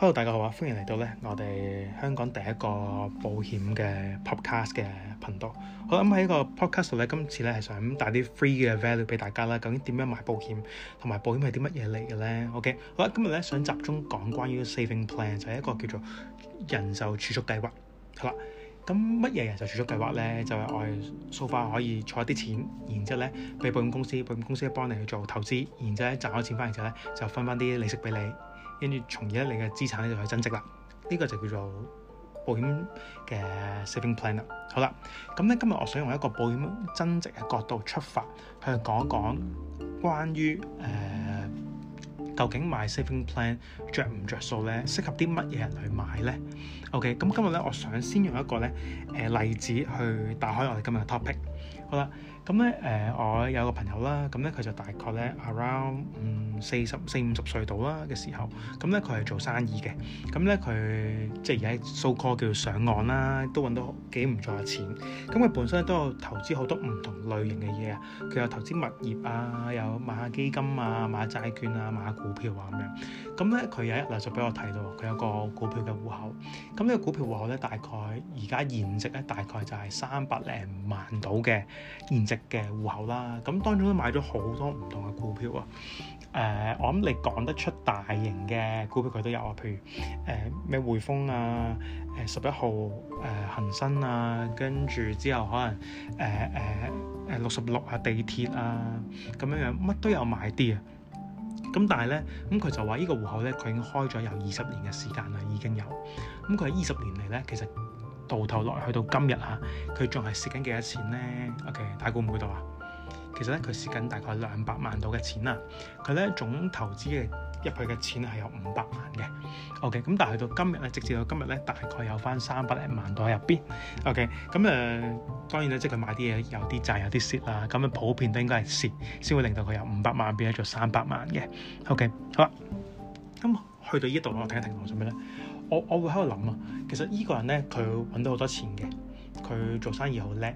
hello，大家好啊，歡迎嚟到咧我哋香港第一個保險嘅 podcast 嘅頻道。好啦，咁喺呢個 podcast 咧，今次咧係想帶啲 free 嘅 value 俾大家啦。究竟點樣買保險，同埋保險係啲乜嘢嚟嘅咧？OK，好啦，今日咧想集中講關於 saving plan，就係一個叫做人壽儲蓄計劃。好啦，咁乜嘢人壽儲蓄計劃咧？就係、是、我哋 so far 可以儲一啲錢，然之後咧，俾保險公司，保險公司幫你去做投資，然之後咧賺咗錢翻嚟之後咧，就分翻啲利息俾你。跟住從而咧，你嘅資產咧就去增值啦。呢個就叫做保險嘅 saving plan 啦。好啦，咁咧今日我想用一個保險增值嘅角度出發去講一講關於誒、呃、究竟買 saving plan 着唔着數咧，適合啲乜嘢人去買咧？OK，咁今日咧我想先用一個咧誒例子去打開我哋今日嘅 topic。好啦，咁咧誒我有個朋友啦，咁咧佢就大概咧 around 嗯，四十四五十歲到啦嘅時候，咁咧佢係做生意嘅，咁咧佢即係而家 so call 叫上岸啦，都揾到幾唔錯嘅錢。咁、嗯、佢本身都有投資好多唔同類型嘅嘢啊，佢有投資物業啊，有買下基金啊，買債券啊，買股票啊咁樣。咁咧佢有一日就俾我睇到，佢有個股票嘅戶口。咁、嗯、呢、這個股票戶口咧大概而家現值咧大概就係三百零萬度嘅現值嘅戶口啦。咁、嗯、當中都買咗好多唔同嘅股票啊，誒、嗯。誒、呃，我諗你講得出大型嘅股票佢都有啊，譬如誒咩、呃、匯豐啊、誒十一號、誒、呃、恒生啊，跟住之後可能誒誒誒六十六啊、地鐵啊咁樣樣，乜都有買啲啊。咁但係咧，咁佢就話呢個戶口咧，佢已經開咗有二十年嘅時間啦，已經有。咁佢喺二十年嚟咧，其實到頭落去到今日嚇，佢仲係蝕緊幾多錢咧？OK，大家估唔估到啊？其實咧，佢蝕緊大概兩百萬度嘅錢啦。佢咧總投資嘅入去嘅錢係有五百萬嘅。O.K. 咁但係去到今日咧，直至到今日咧，大概有翻三百零萬度喺入邊。O.K. 咁誒、呃，當然咧，即係佢買啲嘢有啲賺，有啲蝕啦。咁樣普遍都應該係蝕先會令到佢由五百萬變咗做三百萬嘅。O.K. 好啦，咁去到呢度，我停一停，我做咩咧？我我會喺度諗啊。其實依個人咧，佢揾到好多錢嘅，佢做生意好叻，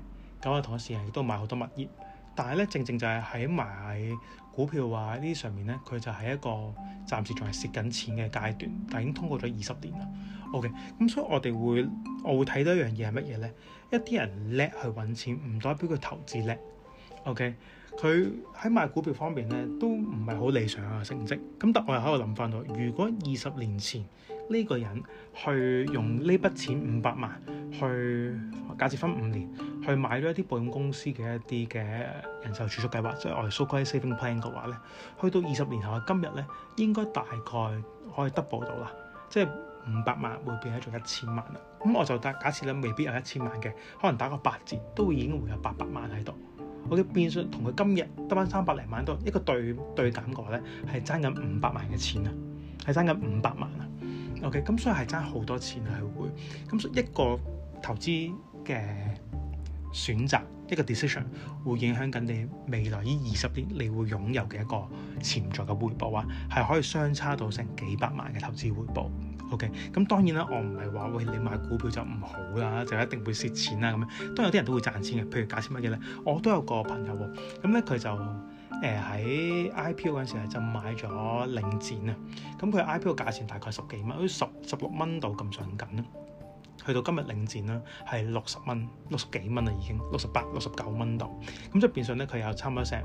咁我同時亦都買好多物業。但係咧，正正就係喺買股票話、啊、呢上面咧，佢就係一個暫時仲係蝕緊錢嘅階段，但已經通過咗二十年啦。OK，咁所以我哋會，我會睇到一樣嘢係乜嘢咧？一啲人叻去揾錢，唔代表佢投資叻。OK，佢喺買股票方面咧都唔係好理想嘅、啊、成績。咁但我又喺度諗返到，如果二十年前呢個人去用呢筆錢五百萬去，假設分五年去買咗一啲保險公司嘅一啲嘅人壽儲蓄計劃，即係我哋歸 Saving Plan 嘅話咧，去到二十年後嘅今日咧，應該大概可以 double 到啦，即係五百萬會變咗做一千萬啦。咁、嗯、我就假假設咧，未必有一千萬嘅，可能打個八折都會已經會有八百萬喺度。我嘅變數同佢今日得翻三百零萬多，一個對對減過咧，係爭緊五百萬嘅錢啊，係爭緊五百萬啊！OK，咁所以係爭好多錢係會，咁所以一個投資嘅選擇，一個 decision 會影響緊你未來呢二十年，你會擁有嘅一個潛在嘅回報啊，係可以相差到成幾百萬嘅投資回報。OK，咁當然啦，我唔係話喂你買股票就唔好啦，就一定會蝕錢啦咁樣。當然有啲人都會賺錢嘅，譬如假設乜嘢呢？我都有個朋友喎，咁呢，佢就。誒喺 IPO 嗰陣時咧就買咗領展啊，咁佢 IPO 價錢大概十幾蚊，好似十十六蚊度咁上緊啦。去到今日領展啦，係六十蚊、六十幾蚊啦已經，六十八、六十九蚊度。咁即係變相咧，佢有差唔多成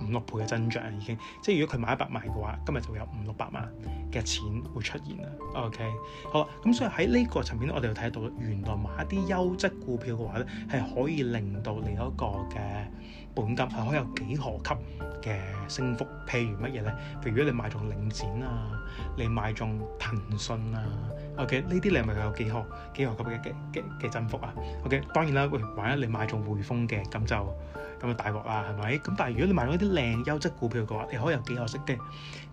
五六倍嘅增長已經。即係如果佢買一百萬嘅話，今日就會有五六百萬嘅錢會出現啦。OK，好啦，咁所以喺呢個層面咧，我哋又睇得到，原來買一啲優質股票嘅話咧，係可以令到你嗰個嘅。本金係可以有幾何級嘅升幅？譬如乜嘢咧？譬如如果你買中領展啊，你買中騰訊啊，O K 呢啲你係咪有幾何幾何級嘅嘅嘅嘅增幅啊？OK 當然啦，喂，萬一你買中匯豐嘅咁就咁就大鑊啦，係咪？咁但係如果你買到一啲靚優質股票嘅話，你可以有幾何式嘅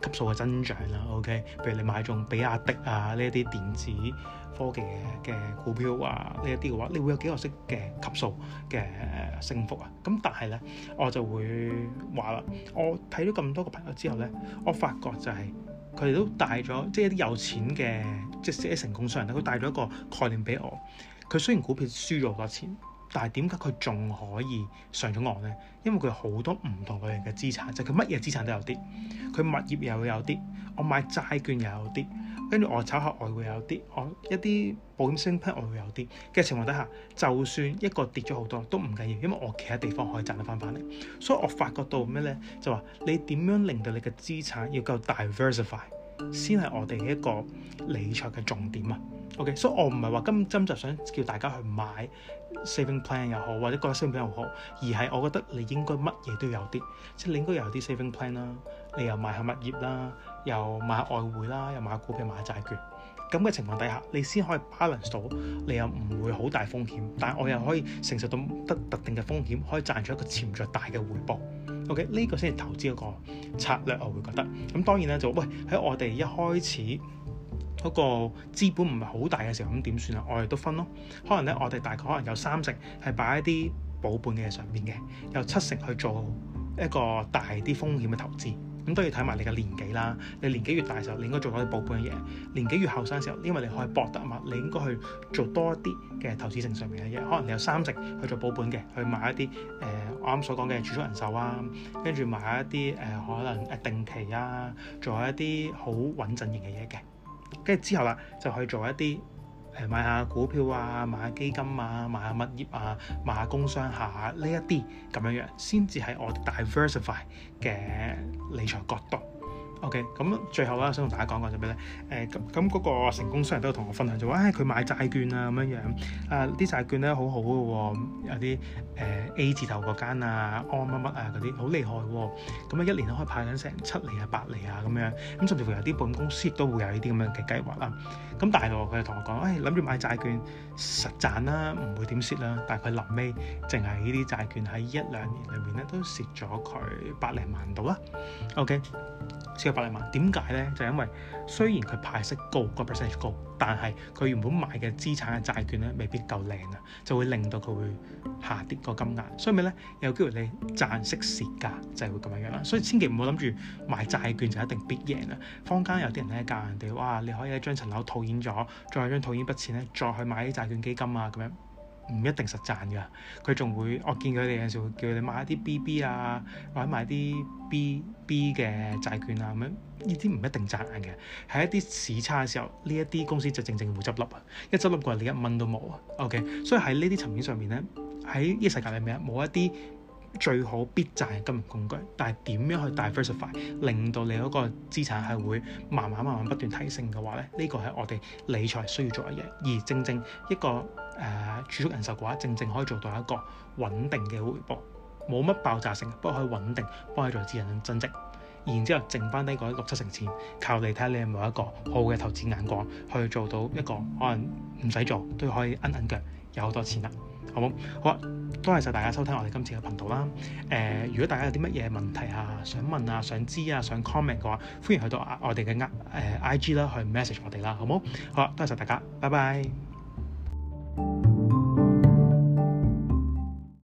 級數嘅增長啦、啊。OK，譬如你買中比亞迪啊呢一啲電子。科技嘅嘅股票啊，呢一啲嘅話，你會有幾個息嘅級數嘅升幅啊？咁但係咧，我就會話啦，我睇咗咁多個朋友之後咧，我發覺就係佢哋都帶咗，即係啲有錢嘅，即係成功商人，佢帶咗一個概念俾我。佢雖然股票輸咗好多錢，但係點解佢仲可以上咗岸咧？因為佢好多唔同類型嘅資產，即係佢乜嘢資產都有啲，佢物業又有啲，我買債券又有啲。跟住我炒下外匯有啲，我一啲保險升 plan 外匯有啲嘅情況底下，就算一個跌咗好多都唔緊要，因為我其他地方可以賺得返嚟。所以我發覺到咩咧？就話你點樣令到你嘅資產要夠 diversify，先係我哋一個理財嘅重點啊。OK，所、so, 以我唔係話今針就想叫大家去買 saving plan 又好，或者覺得 saving plan 又好，而係我覺得你應該乜嘢都有啲，即係你應該有啲 saving plan 啦，你又買下物業啦。又買外匯啦，又買股票、買債券，咁嘅情況底下，你先可以 balance 到，你又唔會好大風險，但係我又可以承受到得特定嘅風險，可以賺取一個潛在大嘅回報。OK，呢個先係投資一個策略，我會覺得。咁當然啦，就喂喺我哋一開始嗰個資本唔係好大嘅時候，咁點算啊？我哋都分咯，可能咧我哋大概可能有三成係擺一啲保本嘅上邊嘅，有七成去做一個大啲風險嘅投資。咁都要睇埋你嘅年紀啦。你年紀越大嘅時候，你應該做多啲保本嘅嘢。年紀越後生嘅時候，因為你可以博得嘛，你應該去做多啲嘅投資性上面嘅嘢。可能你有三成去做保本嘅，去買一啲誒、呃、我啱所講嘅儲蓄人壽啊，跟住買一啲誒、呃、可能誒定期啊，做一啲好穩陣型嘅嘢嘅。跟住之後啦，就去做一啲。誒買下股票啊，買下基金啊，買下物業啊，買下工商下，呢一啲咁樣樣，先至係我哋 diversify 嘅理財角度。OK，咁最後啦，想同大家講講就咩咧？誒咁咁嗰個成功商人都有同我分享，就話誒佢買債券啊咁樣樣，啊啲債券咧好好嘅喎，有啲誒、呃、A 字頭嗰間啊，安乜乜啊嗰啲好厲害喎，啊，咁啊一年都可以派緊成七厘啊八厘啊咁樣，咁甚至乎有啲保險公司亦都會有呢啲咁樣嘅計劃啦。咁但係佢就同我講，誒諗住買債券實賺啦，唔會點蝕啦。但係佢臨尾淨係呢啲債券喺一兩年裏面咧都蝕咗佢百零萬度啦。OK。百零萬點解咧？就係因為雖然佢派息高，個 percentage 高，但係佢原本買嘅資產嘅債券咧，未必夠靚啊，就會令到佢會下跌個金額，所以咪咧有機會你賺息蝕價就係會咁樣樣啦。所以千祈唔好諗住買債券就一定必贏啦。坊間有啲人咧教人哋哇，你可以喺將層樓套現咗，再將套現筆錢咧，再去買啲債券基金啊咁樣。唔一定實賺㗎，佢仲會，我見佢哋有陣時會叫你買一啲 BB 啊，或者買啲 BB 嘅債券啊咁樣，呢啲唔一定賺嘅，喺一啲市差嘅時候，呢一啲公司就正正會執笠啊，一執笠過嚟你一蚊都冇啊，OK，所以喺呢啲層面上面咧，喺呢個世界裡面冇一啲最好必賺金融工具，但係點樣去 diversify，令到你嗰個資產係會慢慢慢慢不斷提升嘅話咧，呢個係我哋理財需要做嘅嘢。而正正一個誒儲蓄人壽嘅話，正正可以做到一個穩定嘅回報，冇乜爆炸性，不過可以穩定幫你做資產增值。然之後剩翻啲嗰六七成錢，靠你睇下你有冇一個好嘅投資眼光，去做到一個可能唔使做都可以奀奀腳有好多錢啦。好，好，好啊，多謝晒大家收聽我哋今次嘅頻道啦。誒、呃，如果大家有啲乜嘢問題啊，想問啊，想知啊，想 comment 嘅話，歡迎去到、啊、我哋嘅誒 IG 啦，去 message 我哋啦，好唔好？好啊，多謝晒大家，拜拜。